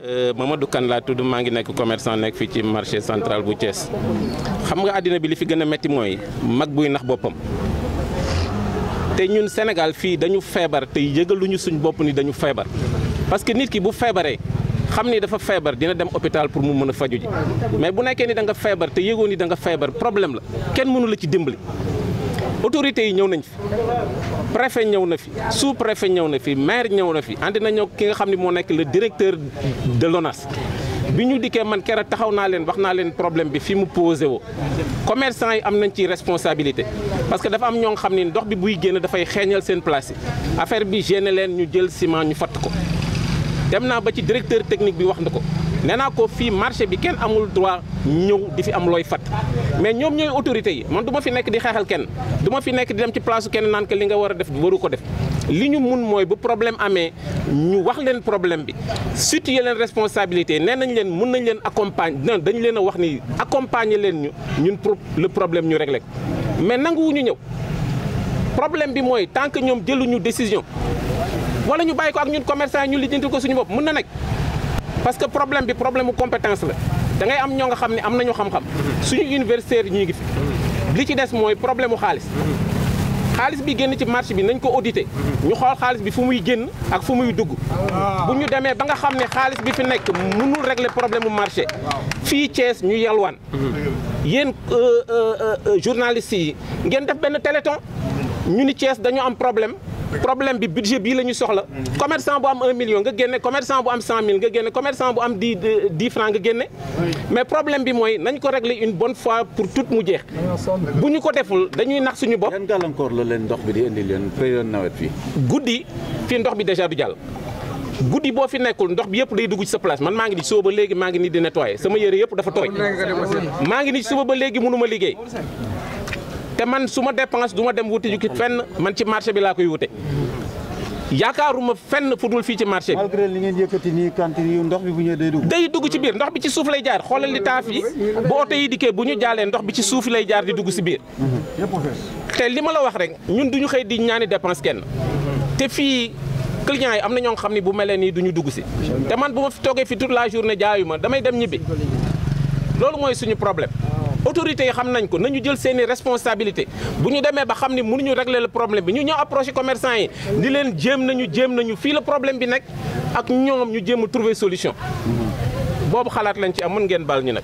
Euh, Mamadou kan laa tudd maa ngi nekk commerçant nekk fii ci marché central bu Thiès xam nga àddina bi li fi gën a métti mooy mag buy nax boppam te ñun Sénégal fii dañu feebar te yëgaluñu suñ bopp ni dañu feebar parce que nit ki bu feebaree xam ni dafa feebar dina dem hôpital pour mu mën a faju ji mais bu nekkee ni da nga feebar te yëgoo ni da nga feebar problème la kenn mënu la ci dimbali autorités yi ñëw nañ fi préfet ñëw na fi sous préfet ñëw na fi mair ñëw na fi àndi nañoo ki nga xam ne moo nekk le directeur de l'ONAS bi ñu dikkee man keroog taxaw naa leen wax naa leen problème bi fi mu posé woo commerçant yi am nañ ci responsabilité parce que dafa am ñoo xam ne ndox bi buy génn dafay xeeñal seen place yi affaire bi génne leen ñu jël ciment ñu fatt ko dem naa ba ci directeur technique bi wax na ko nee naa ko fii marché bi kenn amul droit ñëw di fi am looy fat mais ñoom ñooy autorités yi man du ma fi nekk di xeexal kenn du fi nekk di dem ci place kenn naan que li nga war a def waru ko def li ñu mun mooy bu problème amee ñu wax leen problème bi situer leen responsabilité nee nañ leen mun nañ leen accompagner dañu leen a wax ni accompagner leen ñu ñun le problème ñu réglé mais nanguwuñu ñëw problème bi mooy tant que ñoom jëluñu décision wala ñu bàyyi ko ñun commerçant yi ñu lijjanti ko suñu bopp mun na nekk. parce que problème bi problème mu compétence la dangay am ñoo nga xam ne am nañu xam-xam suñu universitaire ñi ngi fi li ci des mooy problème mu xaalis xaalis bi génn ci marché bi nañ ko audité ñu xool xaalis bi fu muy génn ak fu muy dugg bu ñu demee ba nga xam ne xaalis bi fi nekk mënul régle problème mu marché fii Thiès ñu yalwaan yéen euh, euh, euh, journalistes yi ngeen def benn téléton ñu ni Thiès dañu am problème problème bi budget bii la ñu soxla mm-hmm. commerçant bu am un million nga génne commerçant bu am cent mille nga génne commerçant bu am dix euh, franc nga génne mais problème bi mooy nañ ko régler une bonne fois pour tout mu jeex bu ñu ko deful dañuy nax suñu bopp yan la leen ndox bi di indi leen période nawet fii guddi fii ndox bi déjà du jàll guddi boo fi nekkul ndox bi yëpp day dugg ci sa place man maa ngi nii suba ba léegi maa ngi nii di nettoyer sama yére yëpp dafa tooy maa ngi nii suba ba léegi mënu ma liggéey te man suma ma dépense ma dem wuti ju fenn man ci marché bi laa koy wute yaakaaruma fenn fu dul fii ci marché bi. li ngeen yëkkati nii cantine yu ndox bi bu ñëwee day dugg. dugg ci biir ndox bi ci suuf lay jaar xoolal li taaf yi bu oto yi dikkee bu ñu jaalee ndox bi ci suuf lay jaar di dugg si biir. te li ma la wax rek ñun du ñu xëy di ñaani dépense kenn te fii. clients yi am na ñoo xam ne bu melee nii du ñu dugg si te man bu ma fi toogee fi toute la journée jaayu ma damay dem ñibbi loolu mooy suñu problème autorité yi xam nañ ko nañu jël seeni responsabilité bu ñu demee ba xam ni mënuñu régler le problème bi ñu ñoo approché commerçant yi ni leen jéem nañu jéem nañu fii la problème bi nekk ak ñoom ñu jéem a trouver solution boobu xalaat lañ ci am mën ngeen baal ñu nag